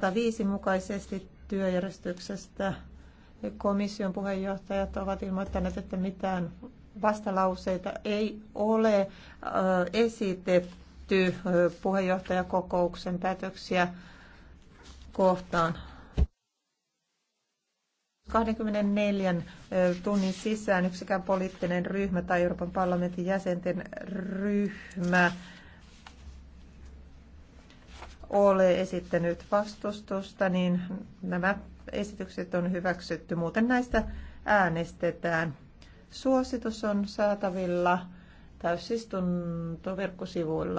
105 mukaisesti työjärjestyksestä komission puheenjohtajat ovat ilmoittaneet, että mitään vastalauseita ei ole esitetty puheenjohtajakokouksen päätöksiä kohtaan. 24 tunnin sisään yksikään poliittinen ryhmä tai Euroopan parlamentin jäsenten ryhmä ole esittänyt vastustusta, niin nämä esitykset on hyväksytty. Muuten näistä äänestetään. Suositus on saatavilla täysistuntoverkkosivuilla.